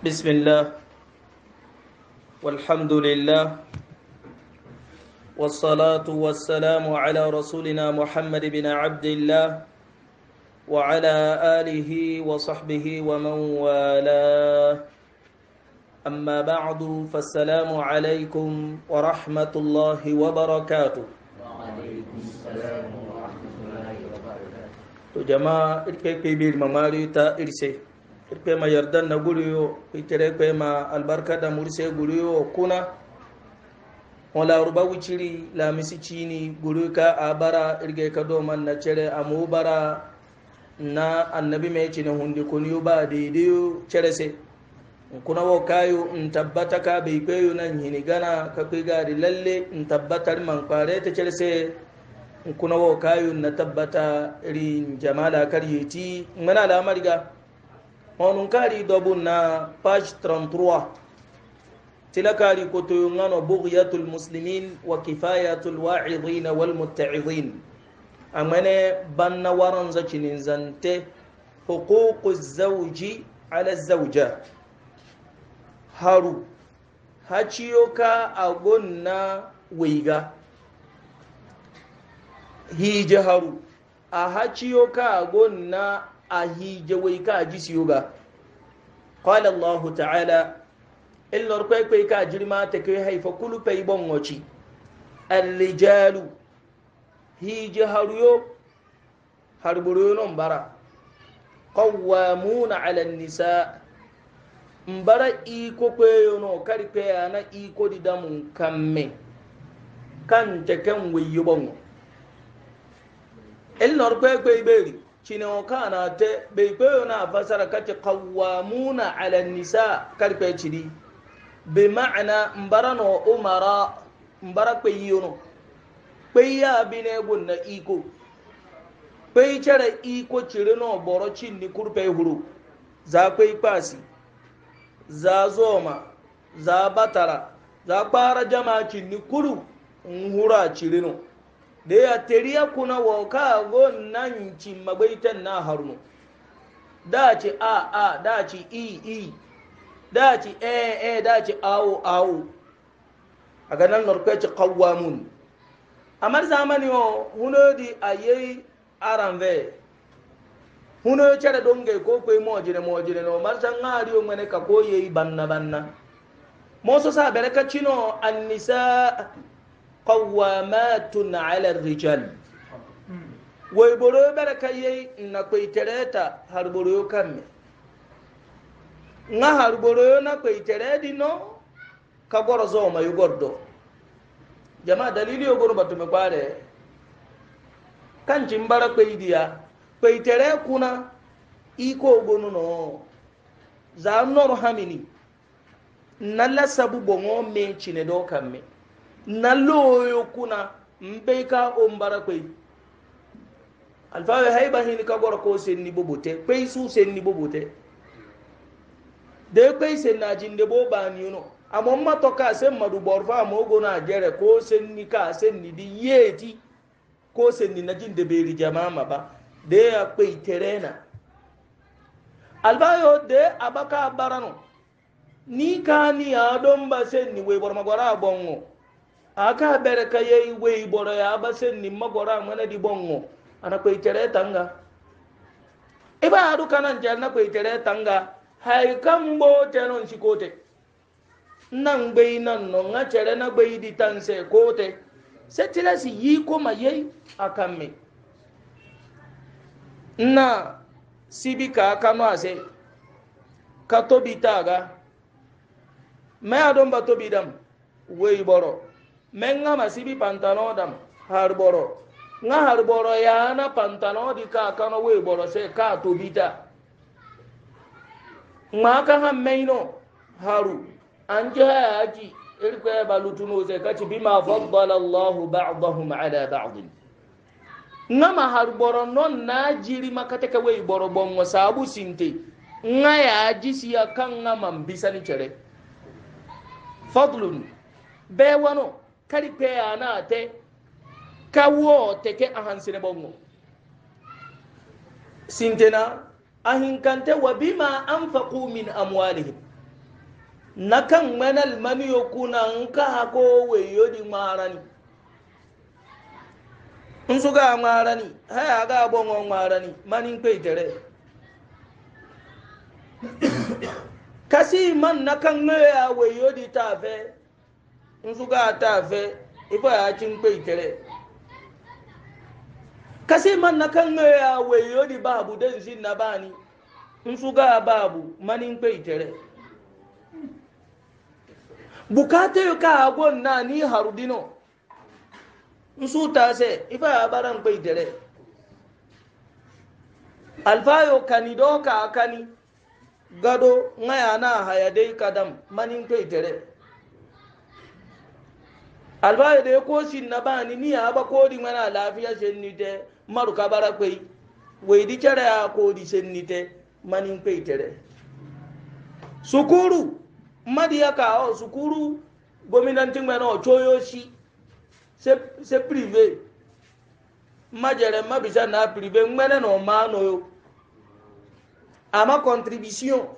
بسم الله والحمد لله والصلاة والسلام على رسولنا محمد بن عبد الله وعلى آله وصحبه ومن والاه أما بعد فالسلام عليكم ورحمة الله وبركاته وعليكم السلام ورحمة الله وبركاته جماعة الكيكي بالمماري تائرسي irkwema yardan na guriyo itere kwema albarka da murse guriyo kuna wala ruba wuciri lamisi cini guri ka abara irge ka doman na cere amu bara na annabi mai cini hundi kuniyo ba daidai cere sai kuna wa kayo in tabbata ka bai kwayo nan hini gana ka kai gari lalle in tabbatar man kware ta cere sai kuna wa kayo na tabbata irin jamala karyeti mana lamar ga kari dobu na page 33 tila kari kaari kotoyongano bughyatul muslimin wa kifayatul wa'idhin wal mutta'idhin amane banna waran waranza zante huququ zawji ala zawja haru hachiyoka agonna weiga hi jaharu a hachiyoka agonna ahije weika ajisi yoga qala allah ta'ala in lor kwe kwe ka jirma ta kai haifa kulu pe ibon oci arrijalu hije haruyo harburu non bara qawwamuna ala nisa mbara iko kwe yono kari kwe ana iko didamun kamme kan teken weyi bongo in lor kwe cinewoka na te bai kwayo na fasara kake kawamuna ala nisa karfe ciri bai ma'ana mbara no umara mbara kwayi no kwayi ya bi na iko kwayi cire iko ciri na boro cin ni kurfe huru za kwayi kwasi za zoma za batara za kwara jama cin ni kuru ciri no da ya teriya kuna wa kago nan ci magaitan na harno da ci a a da ci i i da ci e e da ci awo awo a ganin norkai ci kawwamun amar zamani o huno di aye aranve huno cere donge ko koy mojine mojine no mar san ngari o mene ka ko yeyi banna banna mo so sa bere ka cino annisa qawamatun ala rijal hmm. wai boro bere kayi na kwaitereta har boro kamme nga har boro na kwaiteredi no ka goro zo mai gordo jama'a dalili yo goro batume kware kan jimbara kwaidiya kwaitere kuna iko gonu no za nor hamini nalla sabu bongo me chine do kamme na loyo kuna mbe ka o mbara kwai alfawe haiba hini ka gora ko sen ni bobote kwai su sen ni bobote de kwai sen na jinde bo ba ni no amma ma to ka sen madu borfa mo go na jere ko sen ni ka sen ni di yeti ko sen ni na jinde be ri jama'a ba de ya kwai terena albayo de abaka barano ni ka ni adon sen ni we bor magwara bongo aka bere ka ye iwe iboro ya abase ni magora mana di bongo ana ko itere tanga iba adu kana njal na ko itere tanga hay kambo tenon sikote nan gbei nan no nga chere na gbei di tanse kote setila si yi ko ma ye akamme na sibika ka kanu ase ka tobi taga me adon ba tobi dam we iboro men ga masibi pantano dam har boro nga har boro yana pantano di ka kano we boro se ka to bita ma ka ha meino haru an ji ha yaji irko ya balutuno se ka ci bima faddala allah ba'dahum ala ba'd nga ma har boro non na jiri makata ka we boro bongo sabu sinte nga yaji siya kan nga man bisani cere fadlun be wano kari pe ana te kawo ke teke ahansine bongo sintena ahinkante wa bima anfaqu min amwalihim nakan manal maniyo kuna nka hako we yodi marani in su marani ha aga bongo marani manin pe tere kasi man nakan kan ya weyo ta tafe nzuga ata afe ifa ya cin kpe itere kasị man na kan ya wayo di babu dan zin na bani nzuga babu mani kpe itere bukata ka agon na ni nsu ta se ifa ya baran kpe itere alfayo kani do ka kani gado ngaya na hayadai kadam mani kpe itere albaye da ya koshi na ni ni ya ba kodi mana lafiya shen ni te maru ka bara kwai wai di kere ya kodi shen ni te manin kwai tere sukuru madiya ka o sukuru gominantin mana o choyo si se se privé majere mabisa na privé ngmene no ma no yo ama contribution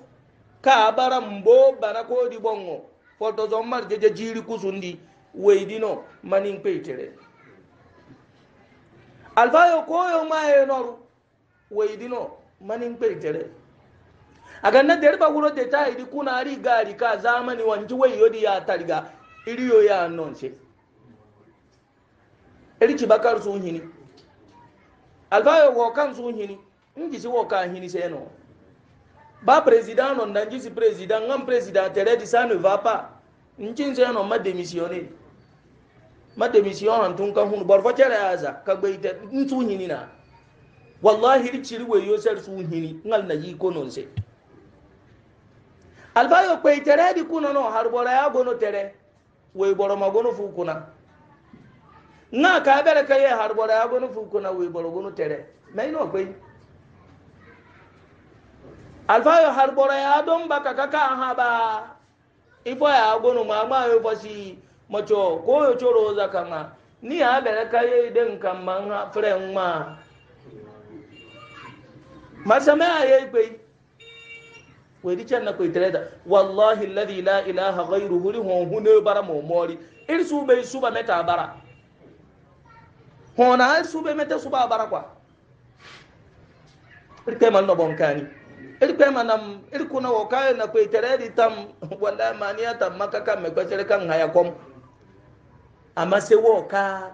kaa bara mbo bara kodi bongo foto zo mar jeje jiri kusundi weydino manin peytere alfayo koyo maye noru weydino manin peytere na derba wuro de ta idi kuna ari gari ka zamani wanji weyodi ya tariga iriyo ya nonse erici bakar sun hini alfayo wo kan sun hini si wo kan hini seno ba président non si président ngam président tere di ça ne va pas ncinse non ma démissionner mademisiyɔn tun ka hun bɔrɔfɔ cɛla y'a za ka gbɛ itɛ n t'u ɲini na wallahi ri ciri wo yo sɛri t'u ɲini n ka na yi ko non se alifa yo kpɛ itɛrɛ di kunna nɔ haribɔra y'a gono tɛrɛ wo bɔrɔ ma gono f'u kunna n ka k'a bɛrɛ ka ye haribɔra y'a gono f'u kunna wo bɔrɔ gono tɛrɛ mɛ i n'o kpɛ alifa yo haribɔra y'a dɔn ba ka ka kan ha ba ifɔ y'a gono ma ma yo fɔ si macho ko yo choro za kama ni ha bere ka ye den kan man ha fren ma masame aye pe wedi can na koy tereda wallahi alladhi la ilaha ghayruhu li hon hune bara mo mori il su be su ba meta bara hona il su be meta su ba bara kwa il kay man no bon kani il kay man am il kuna wo kay na koy teredi tam wallahi maniya tam makaka me ko sere kan haya kom amase woka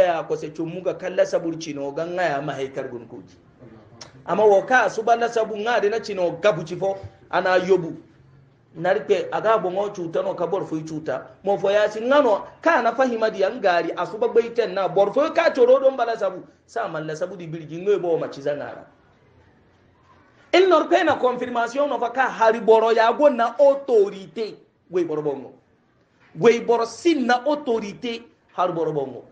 ya kose chumuga kala buli chino ganga ya mahekar gunkuji ama woka sabu asubalasabu na chino gabu chifo ana yobu narikpe aga bomo chuta no kabor fu chuta mo fo ya yasi ngano ka na fahima di angari asuba baiten na bor fo ka choro don bala sabu sa malla sabu di birji ngoy bo ma ngara il nor pe na confirmation no fa ka hari boro ya go na autorité we boro bongo gweiboro na autorité har boro bongo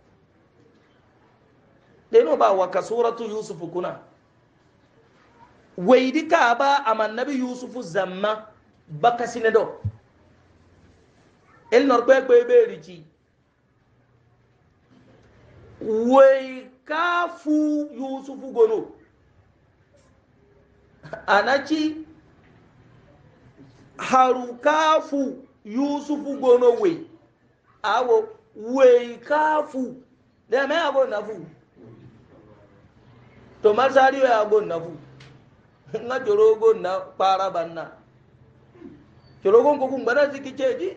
deno ba waka suratu yusufu kuna weidi ka ba amannabi yusufu zamma baka sine do el nor kwe kwe be rici wei ka fu yusufu gono anaci haru ka fu yusufu gono we awo we kafu da me ago fu? to masari ya ago fu? nga jorogo na para banna jorogo ko kun bana ziki ceji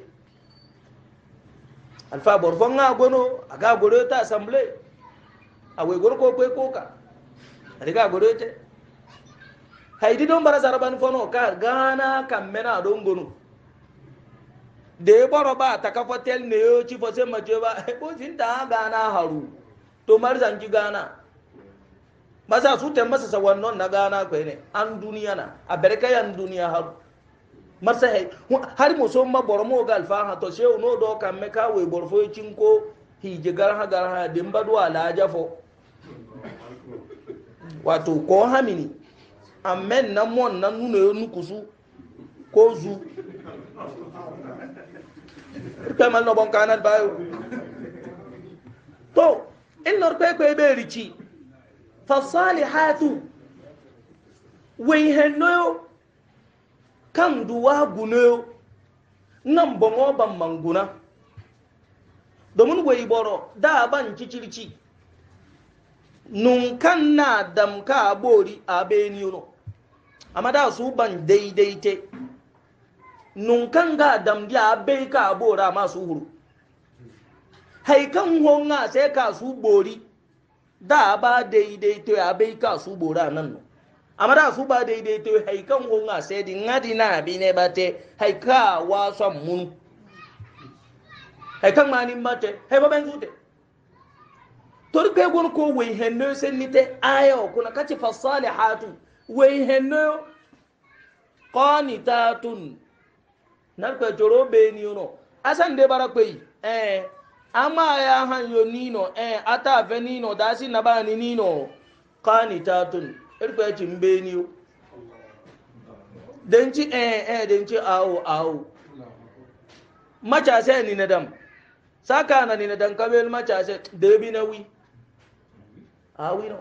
alfa borfon nga gono aga ete ta assembly awe gor ko ko ko ka riga gore te haidi don bara zarban fono ka gana kammena don gono da ya baro ba ta kafa tel ne yo ci fose mace ba ɓosin ta gana haru to mar zanki gana masa su ta masa sawannon na gana kwai ne an duniya na a ya duniya haru marsa hai har muso ma boro mo ga alfaha to shehu no do kan me ka we borfo cinko hije garha garha din badwa la jafo wato ko hamini ammen nan mon nan nuno yo nukusu ko zu pemal no bon kanal bayo to innor kwe kwe be rici fasalihatu wey hennoyo kan duwa gunoyo nan bongo ban manguna domin wey boro da ban cicirci nunkan na damka bori a benino amma da su ban daidaite nun kan ga damdi a bai ka bora masu huru haikan honga sai ka su bori da ba daidai to a bai ka su bora nan no amma da su ba daidai to haikan honga sai di ngadi na bi ne ba te haika wa son mun haikan ma ni ba te hai ba ben te to ke gon ko wai henno sen ni te ayo kuna kace fasalihatu wai henno qanitatun narkwe coro beni yono asan de bara kwei eh ama ya han yo nino eh ata ve nino da si na bani nino qanitatun irkwe cin beni yo denci eh eh denci awo awo macase ni na dam saka na ni na kabel macase debi na wi awi no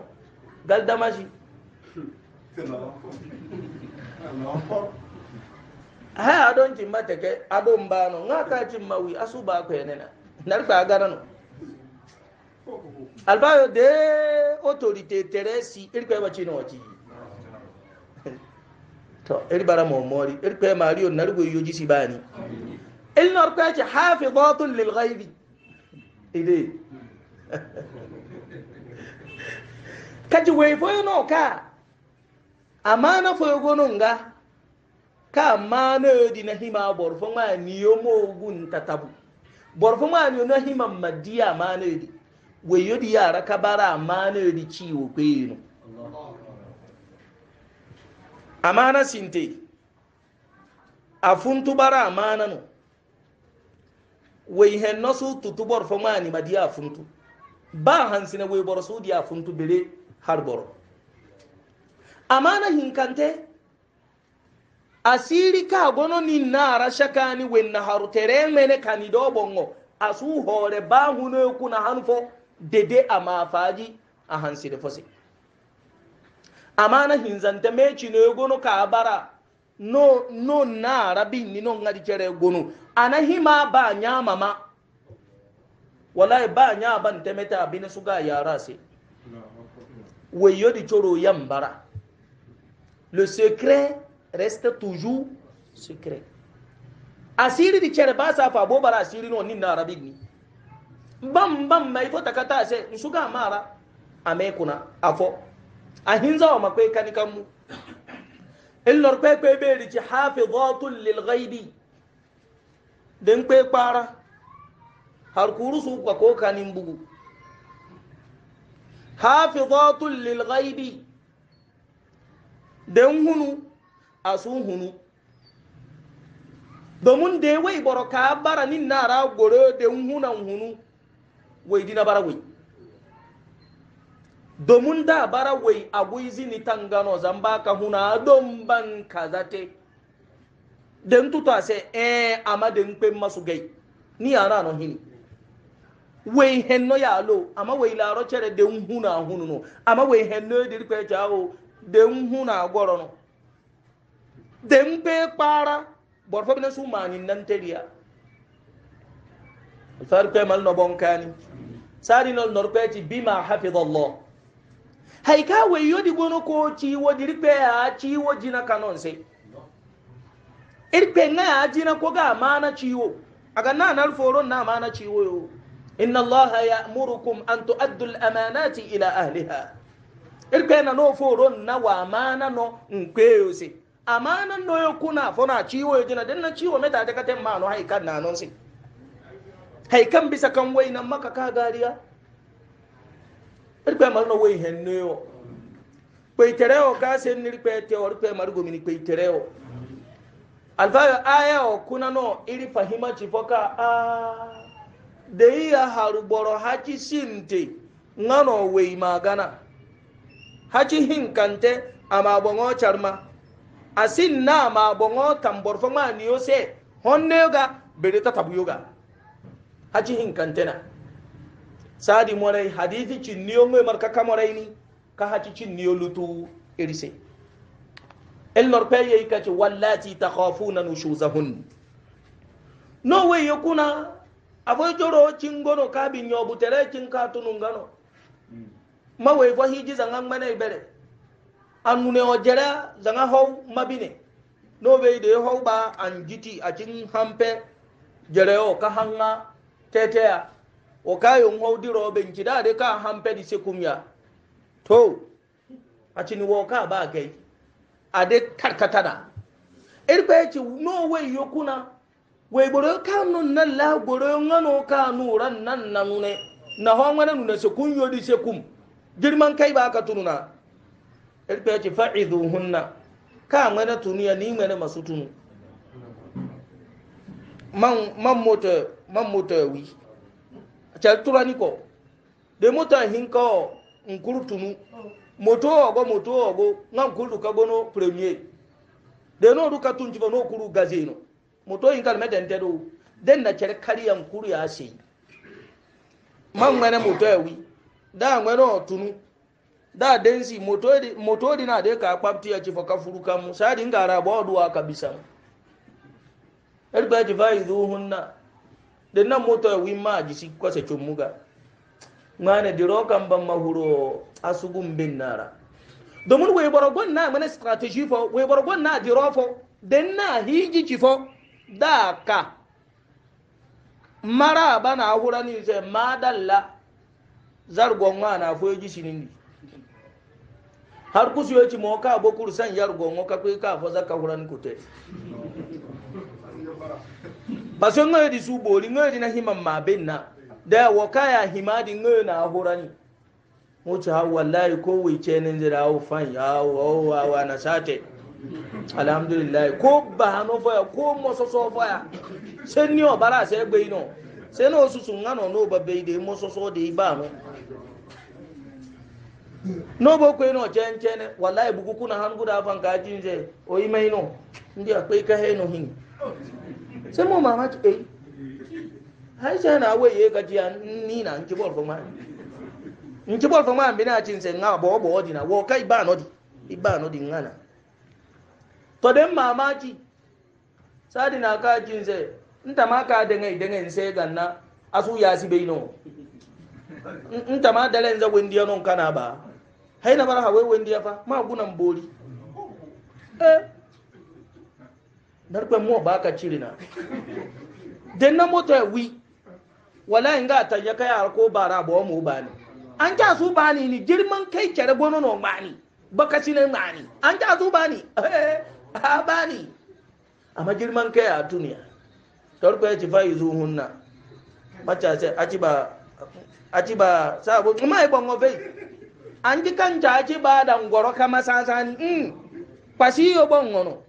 gal damaji. ha adon cimma teke adon bano nga ka cimma wi asu ba ko enena nar ka garano albayo de autorité teresi irko ba cino wati to iri bara mo mori irko mariyo nargo yoji si bani il nor ka ci hafidatun lil ghaibi ide kaji wey foyo no ka amana foyo gonunga ka mana di na hima borfo ma ni yo mo gun tatabu borfo ma ni na hima madiya mana di we yo di yara kabara mana di ciwo kwenu amana sinte afun tubara amana no we hen no su tutu borfo ma ni madiya afuntu ba hansina we borso di afuntu bele har boro amana hinkante asiri ka gono ni nara shakani wenna harutere mene kani do bongo asu hore ba huno na hanfo dede ama faji a hansi da fose amana hinzanta meci ne gono ka bara no no na rabi ni no ngadi kere gono anahima ba nyama mama wallahi ba nya ban temeta abin suga yara se weyo di choro yambara le secret reste toujours secret asiri di Cherba sa fa bo bara asiri no ni na arabic ni bam bam mai fo takata ase nsuga mara ame kuna afo ahinza wa makwe kanikan mu illor kwe kwe be di ci hafizatun lil ghaibi den kwe para har kuru su ko kokanin bugu hafizatun lil ghaibi den hunu a sun hunu domin da wai boro ka bara nin nara goro da hunan hunu wai dina bara wai domin da bara wai a guizi ni tangano zan baka huna don ban kazate don tuta se eh amma da nkpe masu gai ni yana no hini wei henno ya lo amma wei laro chere de huna hunu no amma wei henno dirkwe jawo de huna goro no dem be kpara bor fo bina su mani nan teriya alfar pe mal no bon kani sari no nor pe ti bima hafizallah hay ka we yodi bono ko ci wodi ripe a ci wodi na kanon sai irpe na ajina ko ga mana ciwo aga na nan foron na mana ciwo yo inna allaha ya'murukum an tu'addu al-amanati ila ahliha irpe na no foron na wa mana no nkwe yo sai amma nan doyo kuna fona ciwo yo jina dan na ciwo meta ta katen ma no hay kan na non si hay kan bisa kan wai nan maka ka gariya irpe mar no wai hen no yo kwai tereo ka sen nirpe te or pe mar go mini kwai tereo alfa aya o kuna no iri fahima chifoka a de ya haruboro hachi sinte ngano wai magana hachi hinkante ama bongo charma asin na ma bongo tambor fo ma niyo se honne ga bere ta tabu yoga haji hin kantena sadi morai hadithi cin niyo mai marka kamorai ni ka haji cin niyo lutu irise el norpe yayi kace wallati takhafuna nushuzahun no way yakuna afoy joro cingono kabin yobu tere cin katunun gano hmm. mawai fo hiji zangan mana ibere annune o jara zanga hau mabine no bai da hau ba an jiti a cikin hampe jere o ka hanga teteya o ka yon hau diro ben kida de ka hampe di sekumya to a cikin wo ka ba kai a de karkata da irpe ci no wai yokuna wai boro kanu nan la boro ngano kanu ran nan nanune na ho ngana nuna sekum yodi sekum girman kai ba ka tununa irpe ci fa'iduhunna ka ngana tuniya ni ngana masu tunu man man mota man wi cal turani ko de mota hinka o nkuru tunu moto ogo moto ogo na nkuru ka gono premier de no ruka tun ci no kuru gazino moto hinka me den tedo den na cere kari ya nkuru ya sei man ngana moto wi da ngana tunu da densi motodi na de ka kpabti ya ci fa kafuru kamu sadi nga rabo aduwa kabisa erba ji fayi zuhunna de na moto wi ma ji si kwase chumuga ngane diro kan ban mahuro asugum bin nara domin wai borogon na mana strategy fo wai na diro fo den na hiji ci fo da ka mara bana ahura ni se madalla zargon wa na foyi ji sinindi har kusu yoci mo ka bokur san yar gongo ka kai ka faza ka huran kute baso ngoy di su boli ngoy di na himan ma benna da wa kaya himadi ngoy na hurani mutu ha wallahi ko wai ce nin jira o fan ya wa wa wa na sate alhamdulillah ko ba hano foya ko mo so so foya sen ni o bara se gbe ino sen o susu ngano no ba be de mo so so de ba mo no bo ko no chen chen wallahi bugu kuna han guda ban ka jinje o yi mai no ndi akwai ka he no hin sai mu mama ki eh hai sai na waye ga jiya ni na nki bol fo ma nki bol fo ma bi na chin nse nga bo bo dị na wo kai ba no di iba no dị ngana na den mama ki sadi na ka jinje nta ma ka de ngai de ngai sai ganna asu ya si bai ntama nta ma dalen za wendi non kana ba haina mara hawewe ndi hapa maguna mboli eh darbe mo ba ka cirina den moto ya wi wala inga ta eh, ya kai har ko bara ba mu ba an ja su ba ni girman kai kere gono no ba ni baka sine ba an ja su ba eh a ba amma girman kai a duniya darbe ya ci fa yuzuhunna macha sai aci ba aci ba sabo kuma ai bango bai anji kan jaji bada ngoro kama sasani mm. pasi yo bon ngono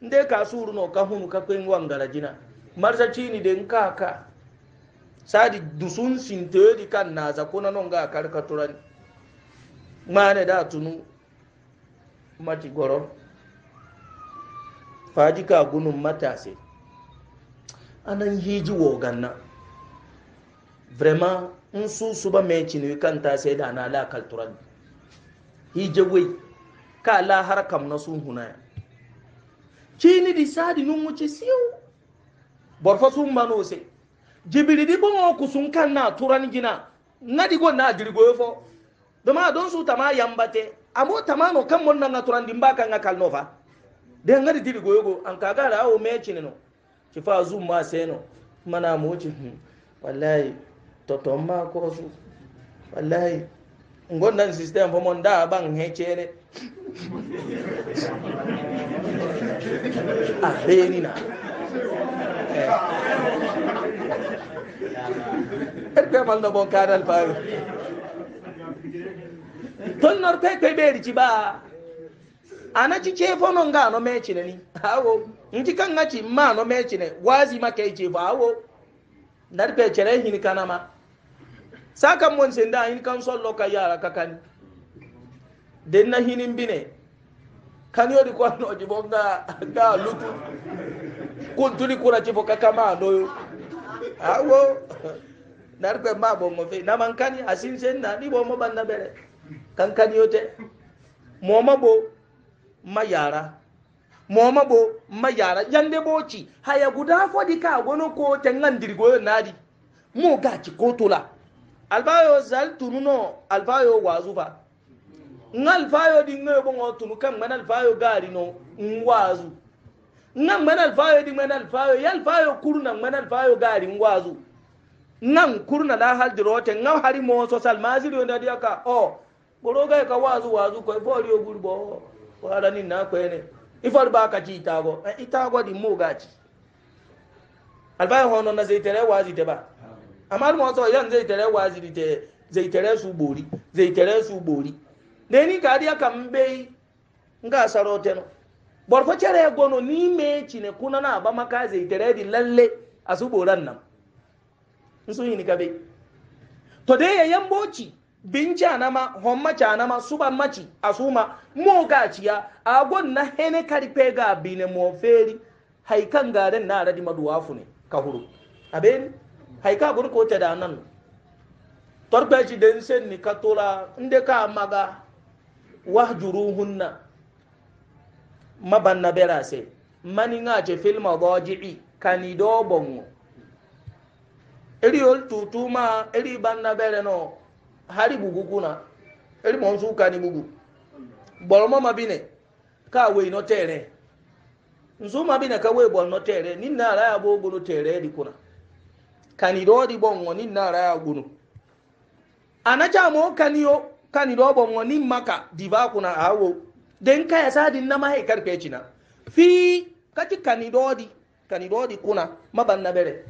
nde ka suru no ka hunu ka kwen wangala jina marsa chini de nkaka sadi dusun sinteri kan naza kuna nonga akarka turani mane da tunu mati goro faji ka gunun matase anan hiji woganna vraiment in su su ba mai cinu kan ta sai da na la cultural hije wai ka la har kam na sun huna cini di sadi nun wuce siyo borfa sun bano sai jibiri di bon ku sun kan na turan gina na digo na jirgo fo dama don su tama yambate amo tama no kan mon na turan din ba kan ga kalno fa de ngari dirgo yogo an ka ga rawo mai cinu ki fa zum sai no mana mu wuce hmm. wallahi toton ma korosu wallahi ngonnan system fo mon da ban he cene a benina erkwe eh. mal no bon kadal fawi ton norte kwe ɓeeri ciɓa anaci cefo no nga no mecine ni awo nci kan ngaci ma no mecine wasima kei cefo awo ndar pe cere hini kanama saka mon senda in kan sollo ka yara ka kan den na hinin bine kan yodi ko no jibo da da lutu kun tuli kura jibo ka kama no awo narbe ma bo mo fe na man kan asin sen ni di bo mo banda bere kan kan yote mo mabo ma yara moma bo ma yara yande boci haya guda fodi ka gono ko tangan dirgo nadi mo gaci ko tola alfayo zal tunu no alfayo wazu fa ng alfayo di ngayo bongo tunu kan man alfayo gari no ngwazu nan man alfayo di man alfayo ya alfayo kurna man alfayo gari ngwazu nan kurna la hal dirote ngaw hari mo so sal maziri nda dia ka o boroga ka wazu wazu ko bori o gurbo wala ni na ko ene ifar ba ka ci itago eh, itago di mo gaji alfayo hono na zai tere wazi te ba amma mo so yan zai tare waziri te zai tare su bori zai tare su bori ne ni ka dia kam be nga sarote no bor fa cere gono ni me cine kuna na agba maka zai tare di lalle asụ su nna nan sun yi ni ka be ya dai yayan boci binci anama hommaci anama suba suban maci asuma mo gaciya agon nna hene karfe ga bine mo feri nna ara dị radi maduwafu ne ka huru abeni hay ka gun ko te da nan torpe ji den sen ni katura inde ka maga wahjuruhunna mabanna berase mani nga ce fil madaji'i kani do bongo eri ol tutuma eri banna bere no hari bugukuna eri mo su kani bugu bolmo mabine ka we no tere nzuma bine ka we bol no tere ninna ala ya bogo no tere di kuna kanido di bongo ni nara agunu gunu anacha mo kaniyo kanido bongo ni maka diva kuna awo den ka kaya sadi na mahe karfe cina fi kati kanido di kanido di kuna maban na bere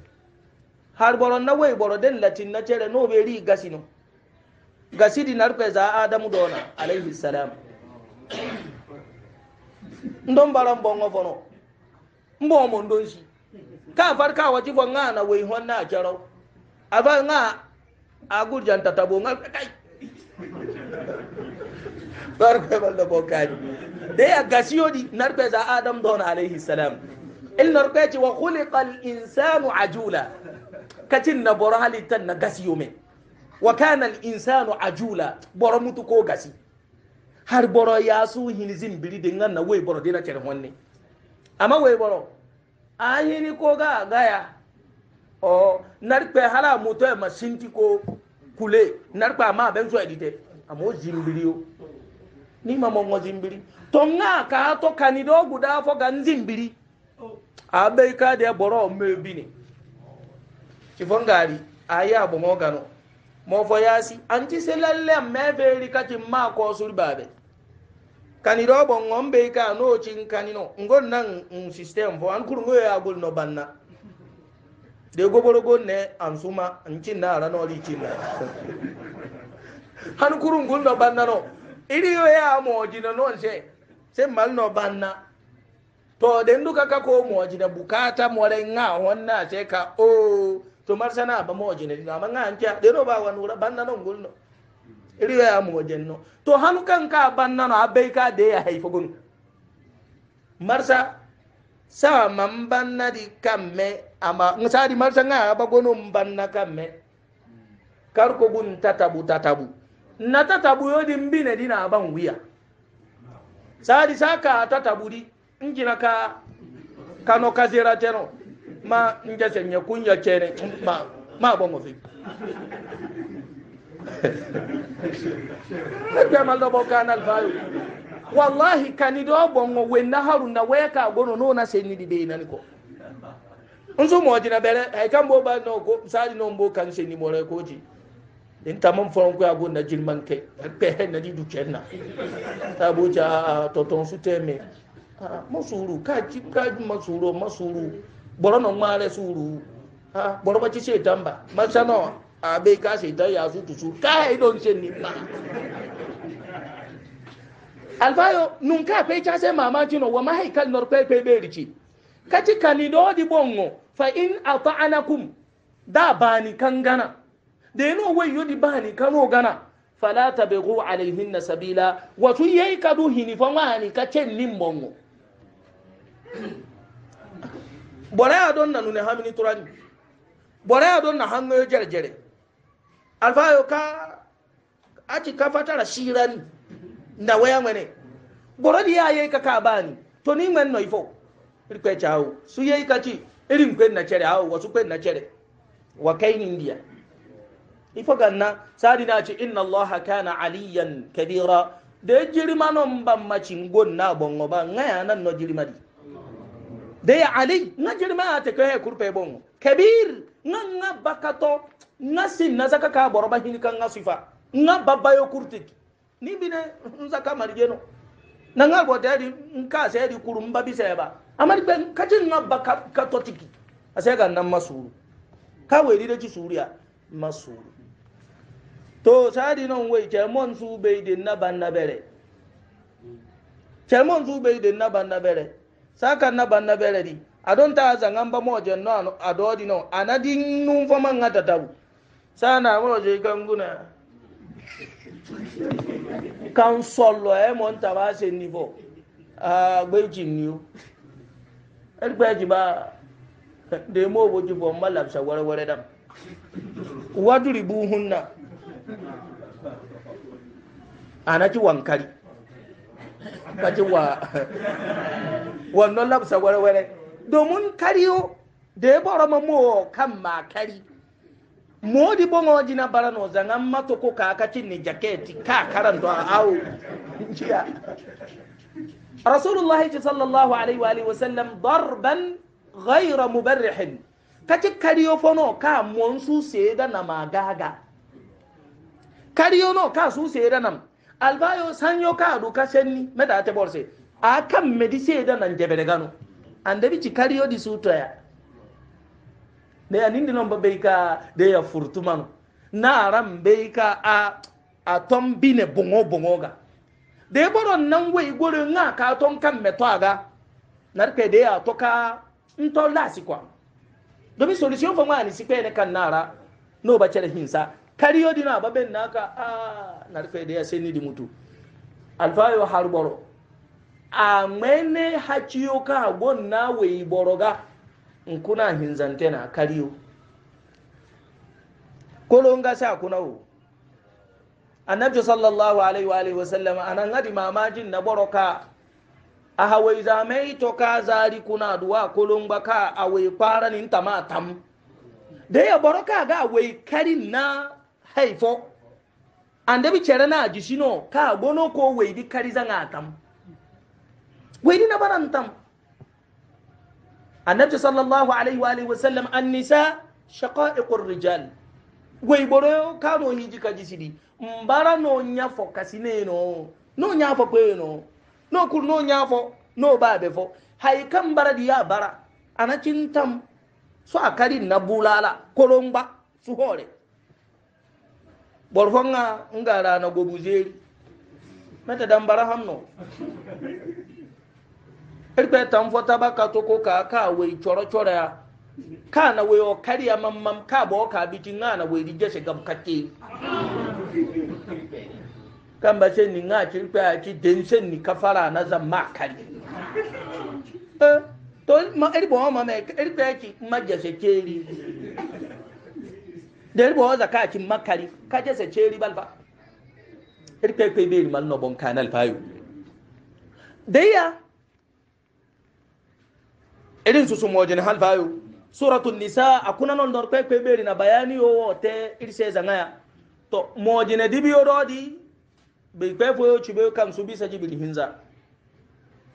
har boro na wai boro den latin na cere no be ri gasino gasidi narpe za adamu dona alaihi salam ndon baran bongo fono mbo mo ndon shi ka farka waji bon nga na wai honna jaro aba nga agur janta tabo nga kai barko ballo bokani de ya gasiyo di narbe za adam don alaihi salam il narbe ci wa khuliqa al insanu ajula kacin na boro halittan na gasiyo me wa kana al insanu ajula boro mutu ko gasi har boro ya su hinzin biri de nga na wai boro de na cere amma wai boro ahini ko ga gaya o narpe hala muto e masinti ko kule narpa ma benzo edite amo zimbiri o ni ma mo zimbiri to nga ka to kanido guda fo ga zimbiri abe ka de boro mebi ne ifongari aya bo mo gano mo fo yasi anti se lalle me be ri ka ti ma ko suri babe kani do bon ngombe ka no cin kanino ngon nan un system fo an kurungo ya gol no banna de goboro gonne an suma an na ra no li cin na han kurun gol no banna no iri yo ya mo jina no se se mal no banna to den duka ka ko mo jina bukata mo re nga honna se ka o oh, to mar sana ba mo jina ma nga an de no ba wan ra banna no gol no irira ya mojen no to hannu kan ka banna no abai ka da ya haifa gun marsa sa man banna di kamme amma ngasa di marsa nga ba gono banna kamme kar ko gun tatabu tatabu na tatabu yodi mbine di na ban wiya di saka tatabu di ngina ka kano kazira teno ma nje senye kunya kene ma ma bongo fi ebe ebemalɗo ɓo kanal bayo wallahi kanide o ɓongo wenna haruna weeka gono be senniɗi ɓeynani ko n ji na ɓere hay kan bo ba n'o ko ah, sari n'o bo kan ko ji. ko more koji in tamam foronkoya gonna jirmanke na nadi du n'a b'o cenna tabuja toton su te teme ma suuru ka ji ma suuru ma suuru ɓoro no ŋmaare suuru ɓoro ɓa ci seytan ba ma sanoa abe ka shaidan ya su tusu ka idon ce ni ba alfayo nun ka pe cha se mama jino wa mai kal nor pe pe be rici kati kani do di bongo fa in ata'anakum da bani kangana de no we yo di bani kano gana fala tabghu alayhinna sabila wa tu yai kadu hini fa wani ka cen nin bongo bora ya don nanu ne hamini turani bora ya don na hango jere jere alfayo ka aci ka fatara sirani na waya ŋmene borodi ya yei ka kaa baani to ni ŋmen no ifo iri kwe chawo su yei kaci iri nkwen na chere awo wasu kwen na chere wa kaini ndiya ifo ganna sadi na ci inna Allah kana aliyan kabira da jirma non ban macin gon na bongo ba ngaya nan no jirma di da ya ali nga jirma ta kai kurpe bongo kabir nga nga bakato nga sin na zaka ka boroba hini kan nga sifa nga babba yo kurtik ni bine nzaka marijeno na nga go tayari nka sai di kurum babi sai ba amari ben kajin nga ba ka totiki asai ga nan masuru ka weri da ci suriya masuru to sadi non wai ke mon su bai de na ban na bere ke mon su bai din na ban na bere saka na ban na bere di adon ta zangan ba mo jenno adodi no anadi nun fama nga tatabu sana muna kan guna kan sọlọ ẹ eh, mọ n taba ṣe nìbọ agbẹjì ni o ẹgbẹjì bá dèmó òbójú bọ mbà làbṣà wẹrẹwẹrẹ dam wádùrì bú hun na ànájí wà nkari kàjí wà wọnà làbṣà wẹrẹwẹrẹ domin kari o dèbọrọ mọ mọ kàn má kari. modi bongo jina bara no zanga mato ko ka ka ni jaketi ka karanto au jiya rasulullah sallallahu alaihi wa alihi wasallam darban ghayra mubarrih kace kariyo fono ka mon su seda na magaga kariyo no ka su seda nam albayo sanyo ka du ka senni meda te borse akan medise da nan jebere gano andabi ci kariyo di sutoya da ya nindi non babai ka da ya furtumano na ran bai ka a a ton bine bongo bongo ga de boro nan wai gore nga uh, ka ton kan meto aga narke de ya to ka nto lasi kwa domin solution fa ma ni sipe ne kan nara no ba chere hinsa kariyo dina baben naka a uh, narke de ya se ni di mutu alfayo harboro a mene haciyo ka gon na wai ga. nkuna hinzante na kariyo kolonga sa kuna wo annabi sallallahu alaihi wa alihi wasallam anan hadi mamajin na boroka a hawai zamai to ka zari kuna duwa kolonga ka a wai fara nin tama tam da ya boroka ga wai karin na haifo annabi cere na jishino ka gono ko wai di kari zan atam wai di na barantam tam النبي صلى الله عليه وآله وسلم النساء شقائق الرجال ويبرو كانوا هيجي كجسدي مبارا نونيا فو كسينينو نونيا فو بينو نو كل نونيا فو نو بابي فو هاي كم برا ديا برا أنا كنتم سو أكاري نبولالا كولومبا سهولي borfonga ngara na متى دمبارا هم نو irpe tamfota baka to ko ka ka wai choro choro ya ka na wai o kariya mamam ka bo ka biti nga na wai dije se gam kake kan ba sen ni nga chirpe a ci den sen ni kafara na zamma kari eh to ma irbo ma me irpe ci majase keri da yarbo wanza ka kin makari ka je sace ribal ba irkai kai bai rimal no bon kanal fayo daya irin su sumojin halfayo suratul nisa akuna non dor kwekwe beri na bayani yo wote irse zangaya to mojine dibiyo rodi bai kwefo yo cibe kan su bisa jibili hinza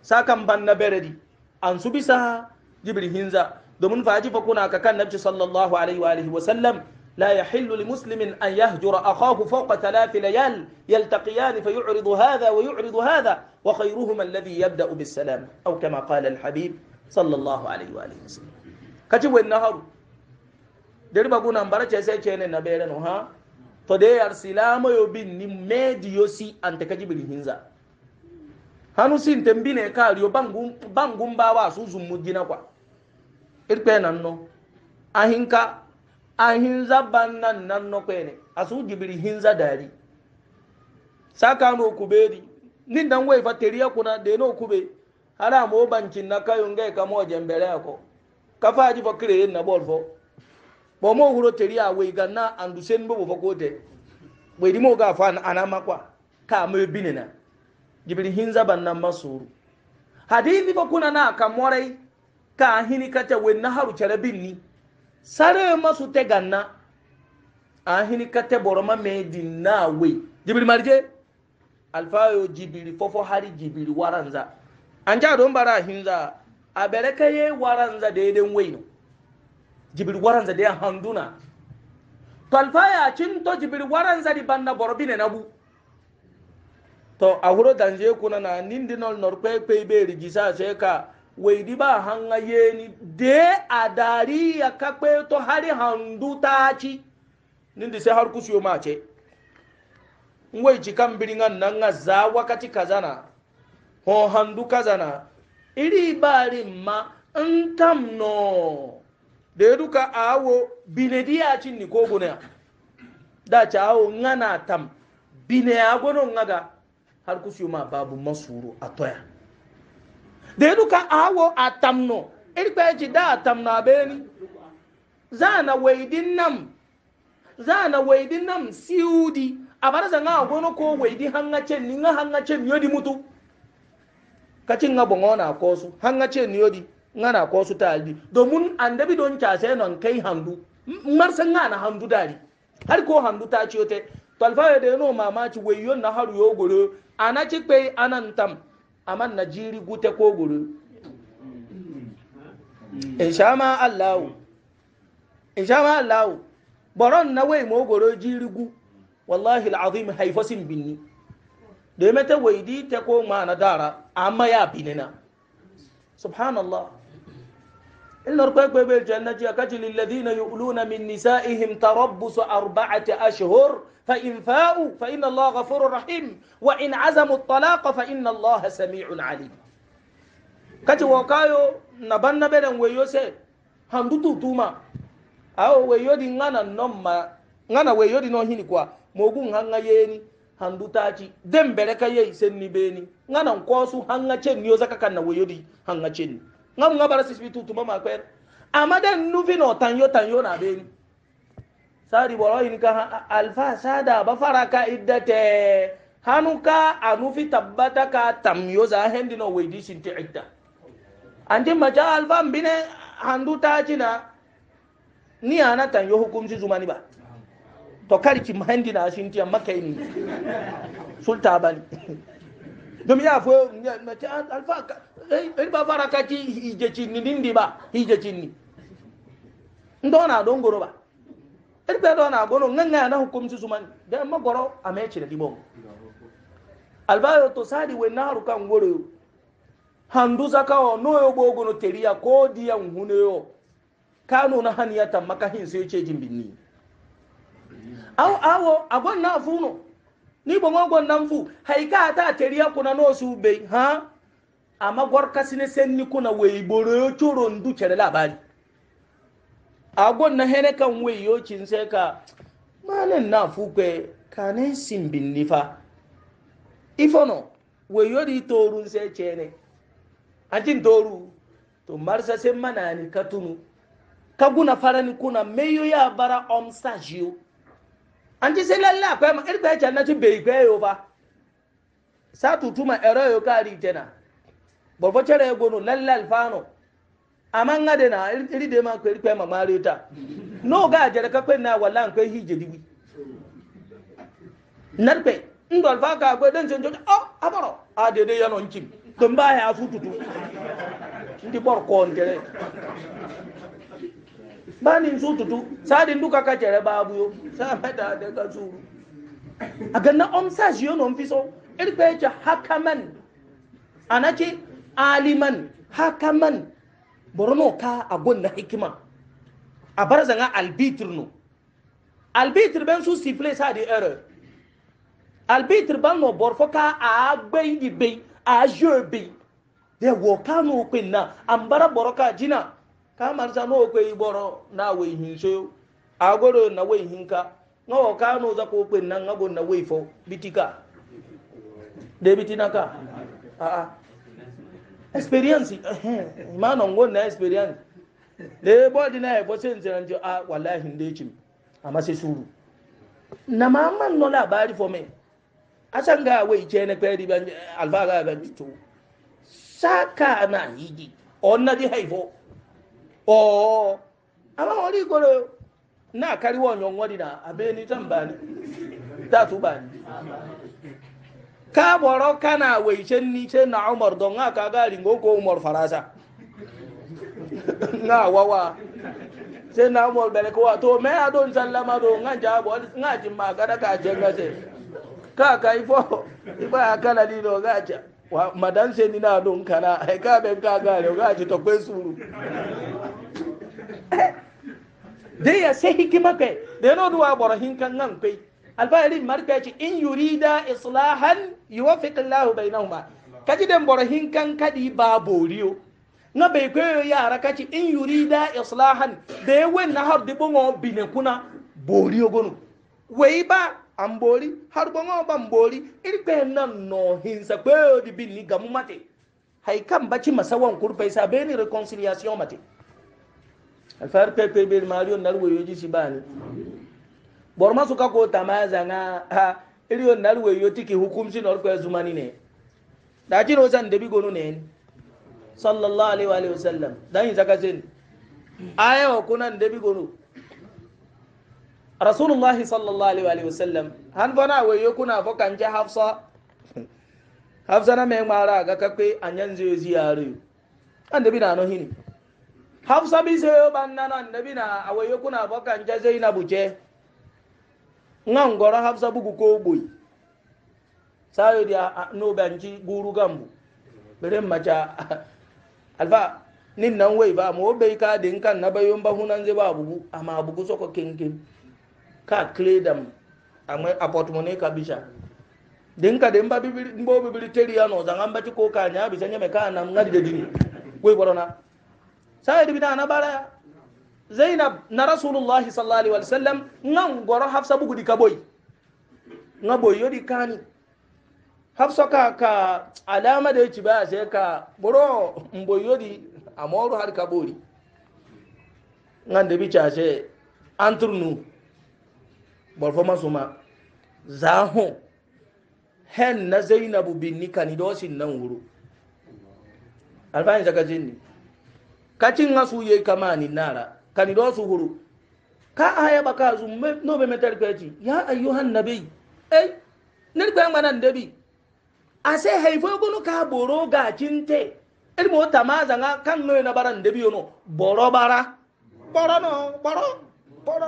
sakan ban na beredi an su bisa jibili hinza domin faji fa kuna kakan nabci sallallahu alaihi wa alihi wa sallam لا يحل لمسلم أن يهجر أخاه فوق ثلاث ليال يلتقيان فيعرض هذا ويعرض هذا وخيرهما الذي يبدأ بالسلام أو كما قال الحبيب sallallahu alaihi wa alihi wasallam kaci wen naharu deriba guna mbara chese chene na bere no ha to de yar silama yo bin ni medi yo si ante kaji bin hinza hanu sin tembine kali yo bangum bangum ba wa su zum mujina kwa irpe nan no ahinka ahinza bannan nan no kwene asu jibiri hinza dari saka no kubedi nindan wai fateriya kuna de no kubedi hana mo bankin na kayun gai kamo jembere ko kafa ji fa kire na bol fo bo mo huro teri a we ga na andu sen bo fo ko te we di mo ga fa ana makwa ka mo bini na jibri hinza ban nan masuru hadithi fa kuna na ka morai ka hini kata we na haru chere binni sare masu te ganna a hini kata boroma me din na we jibri marje alfayo jibiri fofo hari jibiri waranza an ja don bara hinza a bere ye waranza da yadda waino jibir waranza da ya handuna palfaya cin to jibir waranza di banda borobine na bu to a wuro danje kuna na nindinol norpe pe rigisa seka ka waidi ba hanga yeni de a dari ya kakpe to hari handu ta ci nindi sai har kusiyo ma ce ngwai jikan birnin nan na za wakati kazana ho handu kazana iri bari ma ntam no da ya duka awo binediya cin ni ko gune da ci awo ngana tam bine ya gano ngaga har kusi ma babu masuru a toya da ya duka awo a tam no iri kwa ci da tam na beni za na waidin nam za na waidin nam siudi a bar zanga gono ko waidi hanga cen ni nga hanga cen yodi mutu kacin nga bongo na kosu hanga ce niyo di nga na kosu ta aldi domin andabi don kyase non kai handu mar san nga na handu dari har ko handu ta ciyo te talfa da no mamaci wayo na haru yo goro ana ci pe anan tam aman na jiri gute ko goro insha ma Allah insha ma Allah boron na wai mo goro jiri gu wallahi alazim haifasin binni da mata waidi ta ko ma na dara amma ya binina subhanallah ilnor kwekweɓel jannati kati lilladina yuluna min nisaihim tarabbusu arbaati ashhur fa fa in fa'u inna فإن ghafurur rahim wa in azamu at-talaq fa inna الله sami'un alim kati wakayo na banna beren weyo se handutu tuma awo weyo di ngana nomma ngana weyo di no hini kwa mogu nganga yeni handu taci den bere ka yei sen ni beni nga nan ko su hanga cen ni ozaka kan na woyodi hanga cen ni nga nga bara sisbi tutu mama kwer amma nu vino tanyo tanyo na beni sari boro yin ka alfa sada ba faraka iddate hanuka anufi tabbata ka tamyo za hendi no wedi sinti idda anje maja alfa mbine handu taci na ni ana tanyo hukumsi zumani ba to kari na hendina asintiyam makka inni sulta bali domi ya fo alfa eri ba fara kati hije cinni ndindi ba hije cinni ndona don goro ba eri be dona goro nganga na hukum su suman da ma goro ame cire dibo albayo to sadi we naru kan goro handu zaka o noyo bogono teriya ya diya yo kanu na haniya tamma kahin sai ce jimbinni awo awo agon na funo ni bon agon nan fu haika ta teriya kuna no su be ha amma gor kasine sen ni kuna we iboro yo choro ndu chere labari agon na hene kan we yo cin ka malan na afu kwe kane simbin nifa ifono we yo di torun sai chene ajin toru to marsa sen manani katunu kaguna farani kuna meyo ya bara omstajio anti sai lalle akwai ma irga jannatin bai gayo ba sa tutuma eroyo kari jena borfo cere ya gono lalle alfano amma nga na iri de ma kwai kwai ma marita no ga jere ka kwai na walla kwai hije dibi narpe ndol fa ka kwai dan jonjo oh abaro a de de yano nkim ya ndi bor ko ndere bani su tutu sadin duka ka cere babu yo sa mata da ka suru a ganna om sa shi yo non fiso irpe yake hakaman anake aliman hakaman borno ka agon na hikima a bar zanga albitir no albitir ben su sifle sa di error albitir ban no borfo ka a gbei di bei a jobe de wo ka no kwin na ambara boroka jina ka marisa no kwe iboro na we nso agoro na we hinka no ka no za ko kwe nan ngabo na we fo bitika de bitina ka a a experience eh ma no ngo na experience de bo di na e bo se nzira njo a wallahi ndechim amma sai suru na ma man no labari fo me asan ga we je ne kwe di ban alfa ga ga to saka na hiji onna ha ifo. oo ama wali goro na kari wo nyon wadi na abe ni tan bani da tu bani ka boro kana wai cen na umar don nga ka gari ngo ko umar farasa nga wawa sai na umar bele ko to me adon sallama do nga jabo nga jimma kada ka jenga se iba kala lilo gacha wa madan se ni na don kana ai ka ben ka gari gacha de ya sai hikima kai da no duwa boro hinkan nan kai alfahari marka ce in yurida islahan yuwaffiqillahu bainahuma kaji den boro hinkan kadi ba boriyo na bai kwayo yara kaci in yurida islahan da ya wen na har dibon o bine kuna boriyo gonu wai ba an bori har bon o ban bori irbe nan no hinsa kwayo di bin ni gamu mate haikan baci masawan kurbai sabeni reconciliation mate alfar pepe be mario narwe yoji sibani borma suka ko tamaza nga ha iriyo narwe yoti ki hukumsi nor ko zumani ne daji no san debi gonu ne sallallahu alaihi wa alihi wasallam dan yin zaka sen aya wa kunan debi gonu rasulullahi sallallahu alaihi wa alihi wasallam han bana wayo kuna fokan je hafsa hafsa na me mara ga kakwe anyan zai an debi na no hini hafsa bi seyo banna na nabi na awaye kuna bakan ja zainabu je ngan goro hafsa bugu ko boy sayo dia no banji guru gambu bere maja alfa nin nan wai ba mo bai ka din kan na bayon ba hunan zai ba bugu amma bugu soko kinkin ka kledam amma apotmone ka bisha din ka din ba bibiri mbo bibiri teriya no zan an bati ko ka nya bisanya me ka nan ngadi de dini koi borona sa'id bi dana bara zainab na rasulullah sallallahu alaihi wasallam nan goro hafsa bugu di kaboy nga boyo di kani hafsa ka ka alama da yaci ba sai ka boro mboyo di amoru har kabori nan da bi cha sai anturnu borfo masuma zaho hen na zainabu bin nikani dosin nan wuro alfani zaka jinni kacin nga suye kama ni nara kani do su huru ka aya baka zu no be metar kaci ya ayyuhan nabi ai nir gwa ngana ndabi ase haifo gunu ka boro ga cinte ilmo tamaza nga kan no na baran ndabi no boro bara boro no boro boro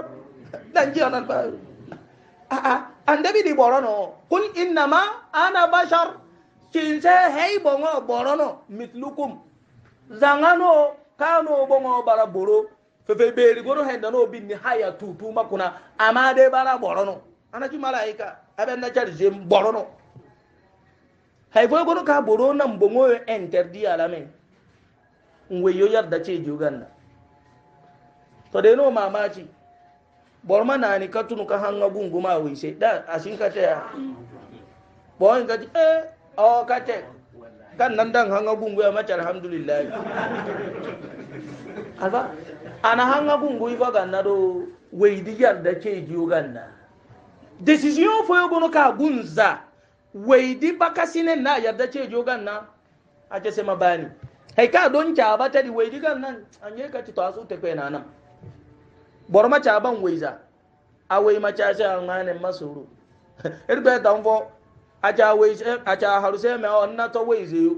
dan ji onan ba a a andabi di boro no kul innama ana bashar cinse hay bongo boro no mitlukum zangano kano bongo bara boro fefe beri goro henda no binni haya tutu makuna amade bara borono anaji malaika aben na charge borono hay fo goro ka boro na mbongo interdit ala men ngwe yo yarda ce juganda to de no mamaci borma nani katunu ka hanga gunguma wise da asin ka te bo in ka eh o ka te kan nan dan hanga gungu ya mace alhamdulillah alba ana hanga gungu ifa ganna do weidi yarda ke giyo ganna decision fo yo bono ka gunza weidi bakasine na yarda ke giyo ganna ake sema bani hay ka don caba tadi weidi ganna anye ka ti to asu te kwena nan borma caban weiza awai macase an hanin masuru irbe danfo aca haruse mai onna to weize yo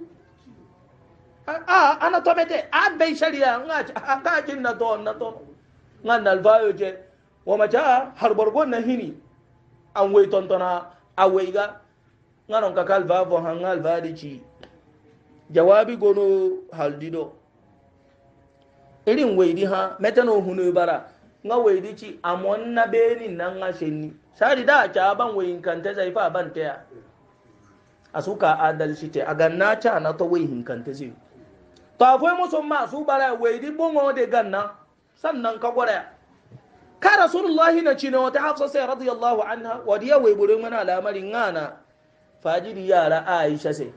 a ana to mete a bai shari'a nga ta jin na to na to nga nalvayo je wa maja harbargo na hini an wai tontona a wai ga nga non kakal va vo han ngal va di ci jawabi gono haldido irin wai di ha metano hunu bara nga wai di ci amon na beni nan nga shenni sari da ca ban wai kanta zai fa ban taya asuka adalci te a ganna ca na ta wai hinkanta zai tafoi musu masu bara waidi bongo de ganna sannan ka gwada ka rasulullahi na cina wata hafsa sai radiyallahu anha wadiya wai burin mana al'amarin ngana fajiri yara aisha sai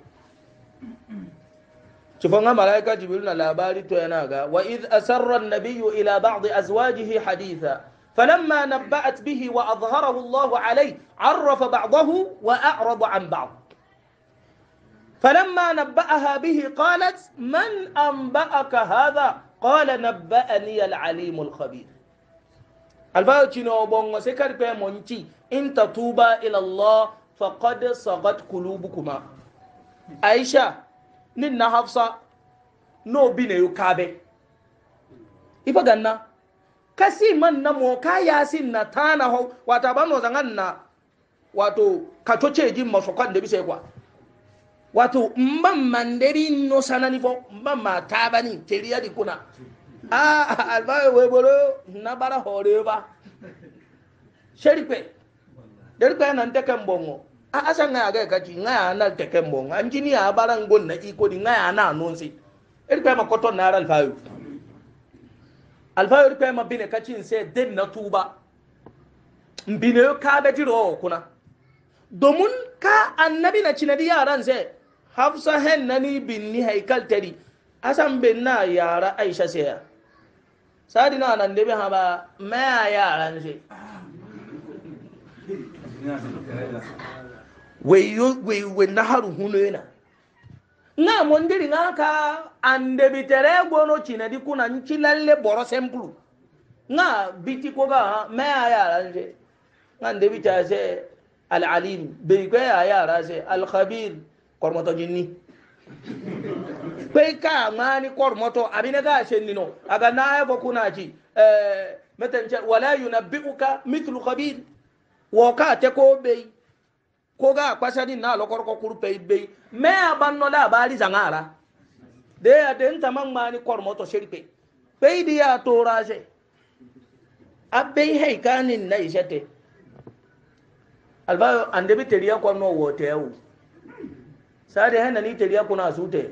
cifan ha malaika jibril na labari to yana ga wa id asarra nabiyyu ila ba'd azwajihi haditha فلما نبأت به وأظهره الله عليه عرف بعضه وأعرض عن بعض فلما نبأها به قالت من أنبأك هذا قال نبأني العليم الخبير alfayo cini o bongo se kari pe monci in tatuba ila allah faqad sagat qulubukuma aisha nin na hafsa no bi ne yu kabe ifa ganna kasi man na mo kaya sin na tana ho wata ban no zangan na wato katoce jin masokan da bise kwa wato mbamma nderinno sanani fo mbamma tabani teriyadi kuna a albawe weɓolo nabara horeba sherikue derikue nan teken bongo a asa gayaga kaci gayanal teken bongo anjini a bara gonna ikodi gayana nonsi erikue ma koton nara alfawe alfawe erikue ma bine kaci nse denna tuba mbineo kabetiro kuna domin ka annabi na cinadi yaran sai hafsa hen na ni bin ni haikal tari asan bin na yara aisha sai sadi na nan debe ha ba maya yaran sai wai na haru hunu yana na mo ndiri na ka andebi tere gbono cinadi kuna nkilalle boro sempulu nga biti ko ga ha maya yaran sai nga ndebi ta sai al'alim bai kwaya yara sai alkhabir kwarmato jinni kwai ka mani kwarmato abin da gashe nino a ga na ya kuna ci matance wala yunabbi'uka mithlu khabir wa ka te ko bai ko ga kwashadi na lokorko kurpe bai me abanno labari zangara de ya den tamam mani kwarmato shirpe bai diya to raje abin haikanin na ishete albayo ande bi teriya kwa no wote au sade hena ni teriya kuna asute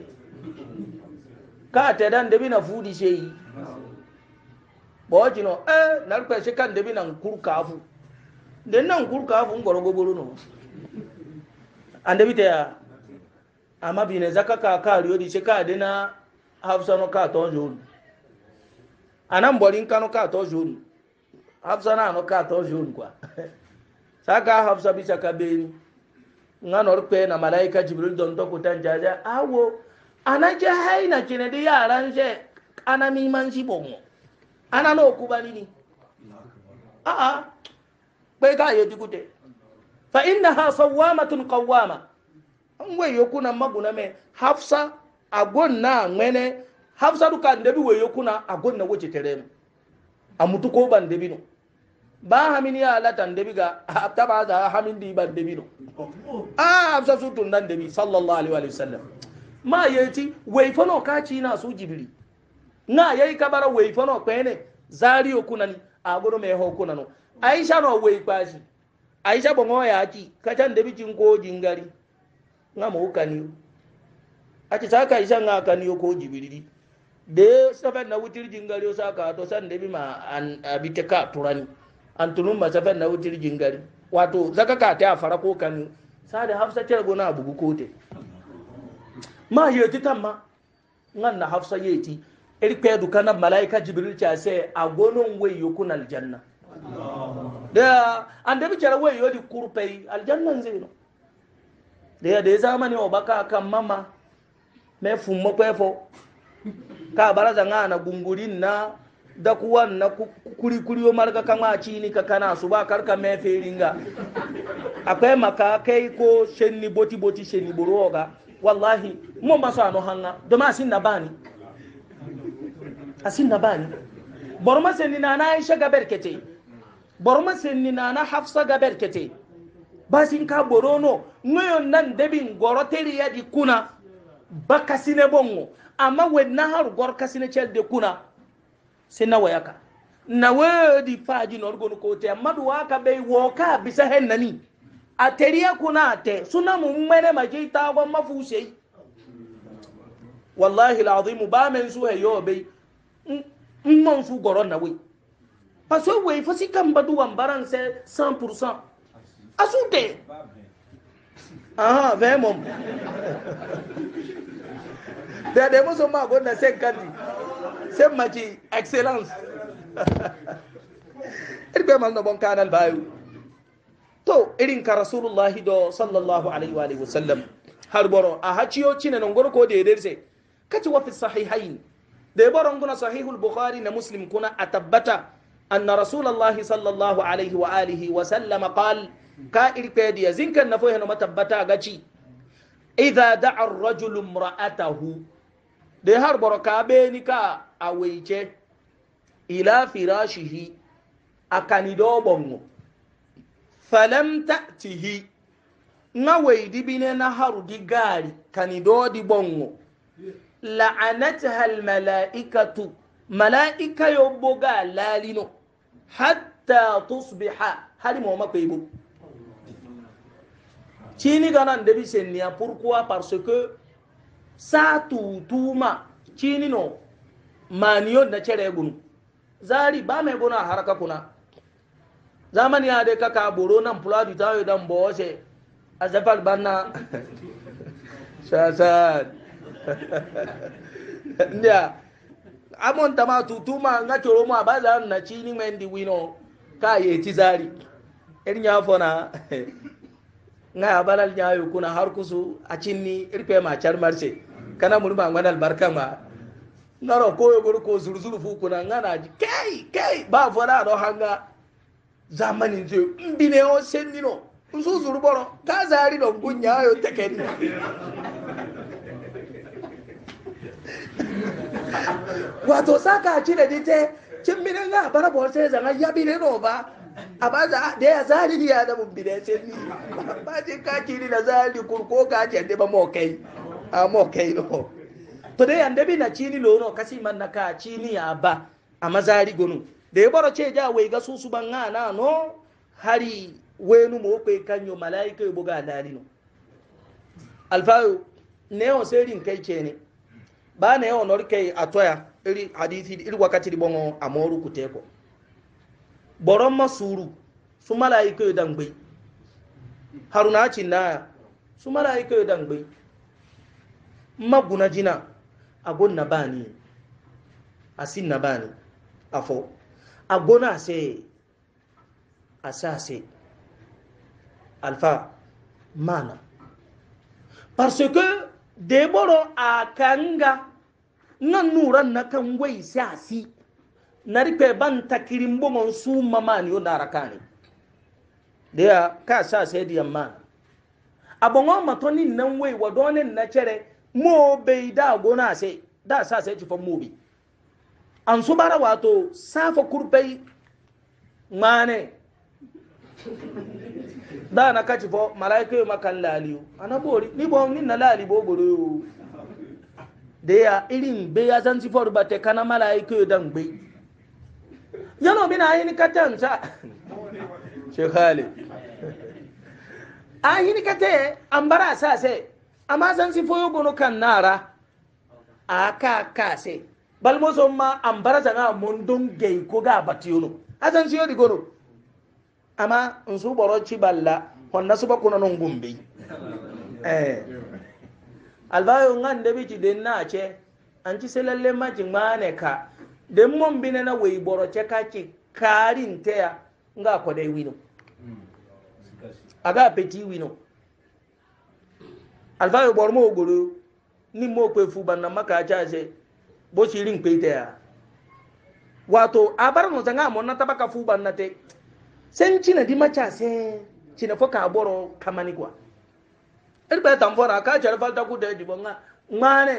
ka te dan de bi na fudi sei boji no eh na kwa se kan de bi na nkuru kafu de na nkuru kafu ngoro gogoro no ande bi te ya amma bi ne zaka ka ka riyo di se ka de na hafsa no ka ton jori anan borin kanu ka ton jori hafsa na no ka ton jori kwa saka hafsa bisa kabeni ngano rukpe na malaika jibril don to kutan jaja awo anaje haina kine de yaran nje ana mi man si bongo ana no kubani ni a a pe ka ye dikute fa Ha sawamatun qawama ngwe yokuna maguna me hafsa na ngwene hafsa duka ndebi we agon na woche terem amutu ko ban debino no ba hamin ya latan debi ga abta ba za hamin di ban debi no a absa su tun dan debi sallallahu alaihi wa sallam ma yeti wai fano kaci na su jibiri na yayi kabara wai fano kwene zariyo kunan a gudu mai ho kunano aisha no wai kwashi aisha bongo ya ci kacan debi cin ko jingari nga mu kaniyo a ci saka aisha nga kaniyo ko jibiri de safa na wutir jingari o saka to san debi ma an abite ka turani an tunun ba safen na wutir jingari wato zaka ka ta fara ko kanu sare hafsa tira gona bugu kote ma yeti tamma ngan na hafsa yeti er pedu kana malaika jibril ta se a gonon wey yukunal janna da an debi tira wey yodi kurpei al janna zeno da da zamani o baka kan mama me fumma pefo ka baraza ngana gungurin na da kuwan na kuri kuriyo marga kama cini ka kana su ba karka me feringa akwai maka kai ko shenni boti boti shenni boroga wallahi mo ba sa no hanga do ma sin na bani asin na bani borma senni na na Aisha ga berkete borma senni na na Hafsa ga berkete basin ka borono ngoyon nan debin goroteri ya di kuna bakasine bongo amma wenna har gorkasine chel de kuna sai na wayaka na wedi faji na orgon ko te madu waka bai woka bisa hennani a teriya kuna te suna mu ma je ta gwa mafuse wallahi alazim ba men su he yobe mmon su goro na we paso we fasi kan badu wan baran se 100% asute aha vemom da da musu ma gonda sen kandi sai maji excellence irbe mal no bon kanal bayu to irin ka rasulullahi do sallallahu alaihi wa alihi wasallam har boro a haciyo cine non goro ko de derse kaci wa fi sahihain de boro nguna sahihul bukhari na muslim kuna atabbata anna rasulullahi sallallahu alaihi wa alihi wa sallam qal ka irpe dia zinkan na fohe no matabbata gaci idza da'a ar-rajulu imra'atahu de har boro ka be ni ka awaice ila firashihi akanidobongo falam tatihi nga waidi bine na haru di gari kanidodi bongo la'anatha almalaikatu malaika yoboga lalino hatta tusbiha hali mo makwebo cini ganan debi senniya pourquoi parce que sa tutuma cini no maniyo na cere gunu zari ba mai gona haraka kuna zamani ya dai kaka boro nan fuladu ta yi dan bawa a zafar banna shasan ndiya amon ta ma tutuma nga coro ma ba za na ci ni mai ndi wino ka ye ci zari irin ya fona nga ya balal nya kuna har kusu a cinni irpe ma char kana mun ba ngwanal barkan ma ngaro koyogoro ko zurzuru fu kuna nganaji kai kai ba vola ro hanga zamani nje mbine o sendino nsuzuru boro ka zari do gunya ayo tekeni wato saka chire dite chimbine nga bara bo se zanga yabine ro ba abaza de azari ya da mbine sendi ba je ka chiri na zari kurko ka chende ba mokai a mokai ro no. to dai yanda bi na chini lono kasi man na ka chini ya ba a mazari gonu da ya baro ce ja wai ga susu ban na no hari wenu mo kai kanyo malaika buga dali no alfayo ne on serin kai ke ne ba ne on nor kai atoya iri hadisi iri wakati di bongo amoru kuteko boron masuru su malaika dangbe haruna cin na su malaika dangbe maguna jina ago nabani asi nabani afo ago na ase ase ase alfa mana parce que deboro a kanga na nura na kan wai asi, na rufe ban takirin bugon su mamani yau na rakani da ya ka sa sai diyan mana abin wa matonin nan wai wa na cire mo bai da gona sai da sa sai tufan mobi an su bara wato safa kurbai mane da na kaci fo malaika yi makan laliyo ana bori ni bo ni na lali bo boro yo da ya irin be ya san si for bate kana malaika yi dan gbe yano bi na yin katan sa shekhali ahin kate an bara sa sai amma san si foyo bono kan nara aka kase balmo so ma ambara sanga mondon gei ko ga batiyono asan si yodi gono amma nsu boro ci balla honna suba kuna non gumbe eh albayo ngan debi ci den na ce an ci selalle maji mane ka den mon bine na wei boro ce ka ci karin teya nga ko dai wino hmm. aga peti wino alfayo bormo ogoro ni mo pe fu banna maka chaje bo shiri nkpe ite ya wato abar no zanga mo na ka fu banna te sen china di ma macha se china kaa aboro kamani kwa erbe tamfora ka chara falta ku de di bonga ngane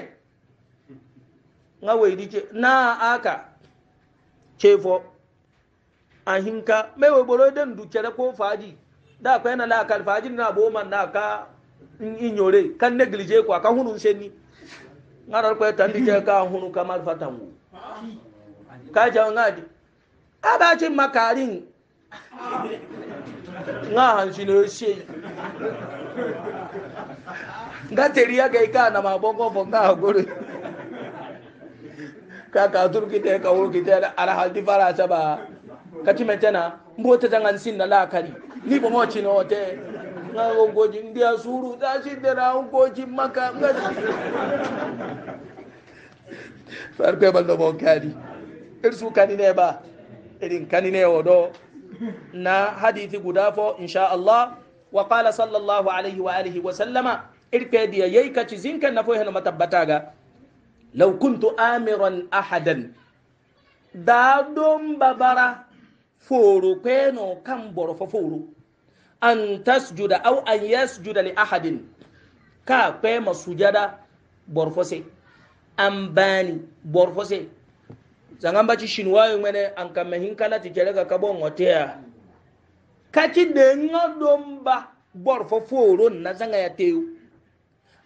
nga we di che na aka chefo ahinka mewe boro den du chere ko faji da ko na la kal faji na bo ma na ka inyore kan neglige kwa kan hunun senni ngarar kwa tan dije ka hunu kamar fatangu ka ja ngadi aba cin makarin nga hansi ne se nga ya ga ika na mabongo bo nga gore ka ka turki te ka wurki te ala haldi fara saba kati metena mbote tangan sin na la kari ni bomo chino te nga wongoji ndia suru da shi da na wongoji maka nga farko ballo bon kadi irsu kanine ba irin kanine wodo na hadithi guda fo insha Allah wa qala sallallahu alaihi wa alihi wa sallama irke diya yayi kaci zinkan na fo hena matabbata ga law kuntu amiran ahadan da don babara foro kweno kan boro fo foro an tasjuda aw an yasjuda li ahadin ka pe masujada borfose an bani borfose zangan baci shinwayo mene an kamme hinkala ti kere ka kabo ngotea kati de ngodon ba borfo foro na zanga ya teo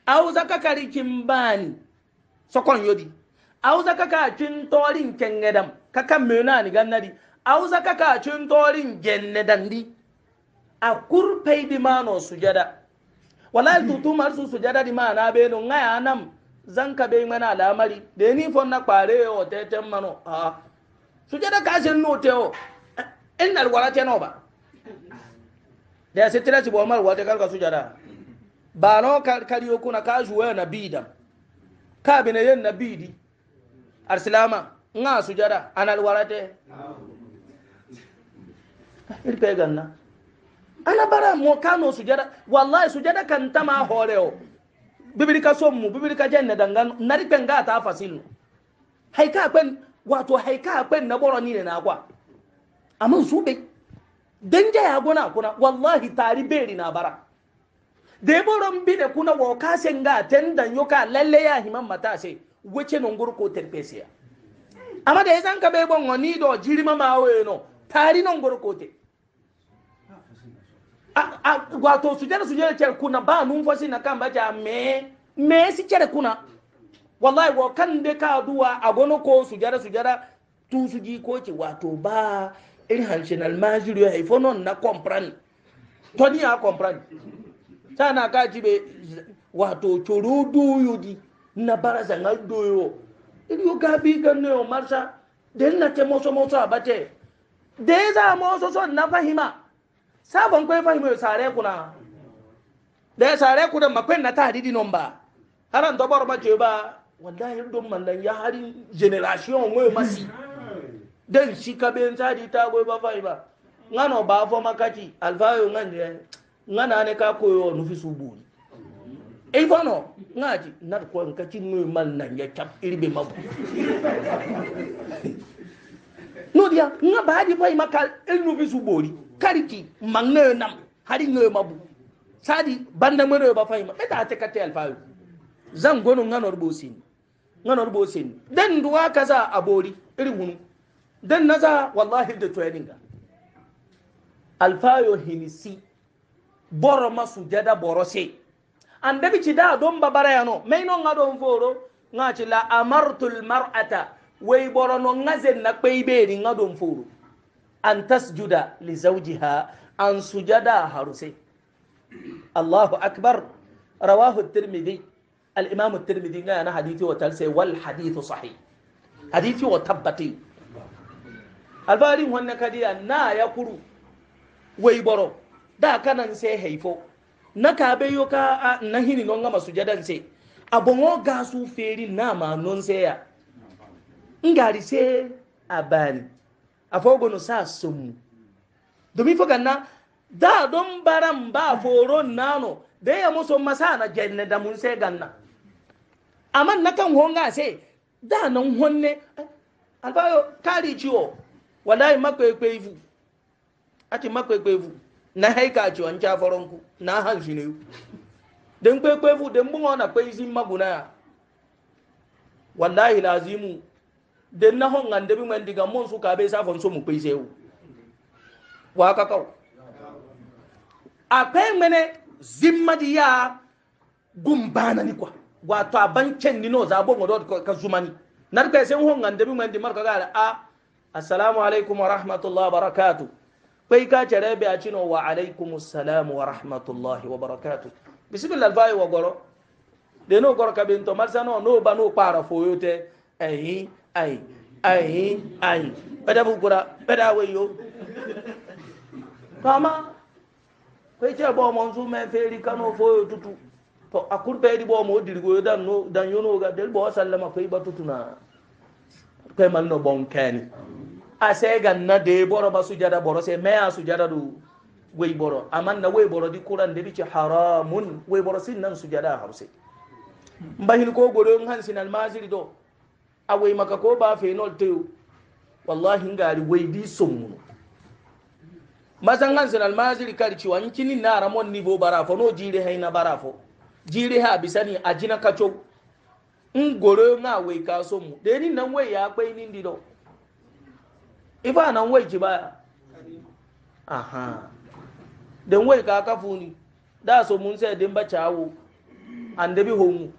aw zaka kari kimbani sokon yodi aw zaka ka cin torin kengedam kaka menani gannadi aw zaka ka cin torin gennedandi a kurpey di mano sujada wallahi tutumar su sujada di mana be no ngaya nam zanka be mana Alamari. de ni fonna kware o teten mano a sujada ka sen no teo innal warate no ba da sai tira ci bomar wata karka sujada ba no kariyo kuna ka juwa na bidam ka bine yen na bidi arsilama nga sujada anal warate irpe ganna ala bara mo kano sujada wallahi sujada kan tama horeo bibiri ka sommu bibiri ka jenne dangan nari pen ga ta fasilno haika pen wato haika pen na boro ni ne na kwa amma su be danja ya gona kuna wallahi tari beri na bara de boron bi de kuna wo ka senga tendan yoka lalle ya himan mata sai wace non gurko terpesiya amma da yazan ka be bon ni do jirima mawe no tari non gurko te wato sujada sujada cere kuna ba nun fosi na kan baja me me si cere kuna wallahi wa kan de ka duwa agono ko sujada sujada tu suji ko ce wato ba irin harshen almajiru ya haifo non na comprend to ni ya comprend sana ka jibe wato coro doyo di na bara zangar doyo iri yo gabi ganne o marsa den na te moso moso abate de za moso so na fahima sabon kwe fahimai sare kuna da ya sare kuna makwen na tahdidi non ba haran dobar mace ba wallahi don mallan ya harin generation mai masi dan shi kabe sadi ta goyi ba fahimai ba ngano ba fo makati alfayo nganje ngana ne ka koyo nufi subuni e eh, fono ngaji nar ko en kati noy ya cap irbe mabu nodia nga baadi fay makal el no bisu bori kariti mangne nam hari ngue mabu sadi banda mere ba fay ma beta te katel fa zan gono nga nor bosin nga nor bosin den duwa kaza abori irin hunu den naza wallahi da traininga alfayo hinisi boro masu jada boro se an dabi ci da don babara yano mai non nga don foro nga ci la amartul mar'ata wey borono ngazen na kpeyɓeeri nga ɗum fuuru an tasjuda li zawjiha an sujada haruse allahu akbar rawahu tirmidi alimamu tirmidi nga yana hadithi wo talse wal hadithu sahih hadithi wo tabbati alfaari honne kadiya na yakuru wey boro da kanan se heyfo na kaɓeyo ka na hini non ngama sujadan se a bongo gasu feeri nama non seya ngarise sai abani afogo no sa somu domin fo ganna da don baran ba foron nano da ya muso masa na janne da mun sai ganna amma na kan honga sai da nan honne alfayo kari ciwo wallahi makwekwe ivu ati makwekwe ivu na haika ciwon jafaronku na hanshi ne don kwekwe ivu don bunwa na kwai zin maguna wallahi lazimu den na hon ngande bi man diga mon su ka be sa fon so mu pese wu wa ka ka akwai mene zimma di ya gumbana ni kwa wato abancen ni no zabo ngodo ka zumani nar ka sen hon ngande bi man di marka ga a assalamu alaikum wa rahmatullahi wa barakatuh kai ka tare bi a cino wa alaikum assalam wa rahmatullahi wa barakatuh bismillah alfai wa goro de no goro ka bin to marsano no ba no para foyote ehin ay ay ay bada bukura bada wayo kama kai ce ba mon su mai feri kano foyo tutu to a kurbe di bo mo dirgo dan no dan yono ga del bo sallama kai ba tutuna kai mal no bon kani a sai ga na de boro ba su jada boro sai mai su jada du wai boro amma na wai boro di kuran da bice haramun wai boro sin nan sujada jada hausa bahin ko godo han sin almaziri do awai maka ko ba phenol tayo wallahi ngari wai di sommuno mazan hansin almaziri karci wankini na ramon nivo barafo no jiri haina barafo jiri ha bisani a jina kacho in goro na wai kaso mu da yanin nan wai ya kwai nin dido ifa nan wai ki baya aha dan wai ka kafu ni da so mun sai din bacawo an dabi homu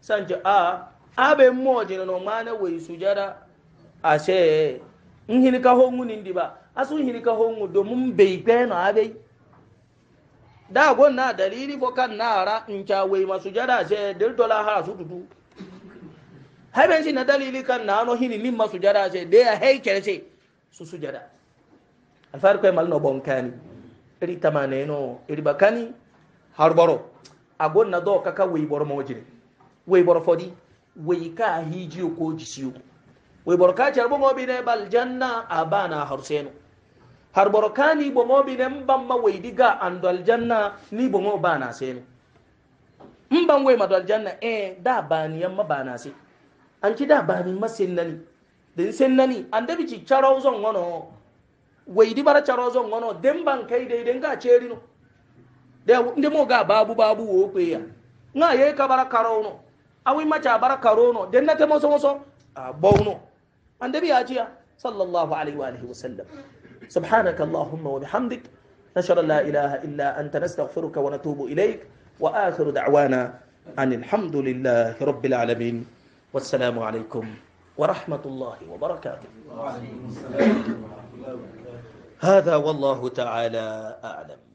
sanki a ah, abe mo jina no mana we sujara, ashe in hini ka hongu nindi ba asu hini ka hongu do mun bai abe da na dalili fo kan nara in cha ma sujada ashe dir dola ha su dudu habe shi na dalili kan na no hini nin ma sujada ashe de ya hey kerce su sujada alfar ko mal no bonkani iri tamane no iri bakani harboro agon na do kaka we boro mo jine we boro fodi wayka hijiyo ko jisiyo way borkacar boŋobine bal janna abana harseno har borka ni boŋobine mbamma diga ando aljanna ni boŋo bana seno mban way mado aljanna e da baniyamma bana se anci da banimma sennani den sennani andabi ci caro zon ŋono waydi bara caro zon ŋono den ban kai dai den ga cerino de ndemo ga babu babu wo kweya ŋa ye kabara no. awi macha bara karono dennate moso moso bawno annabi ajiya sallallahu alaihi wa alihi wa sallam subhanaka allahumma wa bihamdik نشر لا إله إلا أنت نستغفرك ونتوب إليك وآخر دعوانا أن الحمد لله رب العالمين والسلام عليكم ورحمة الله وبركاته هذا والله تعالى أعلم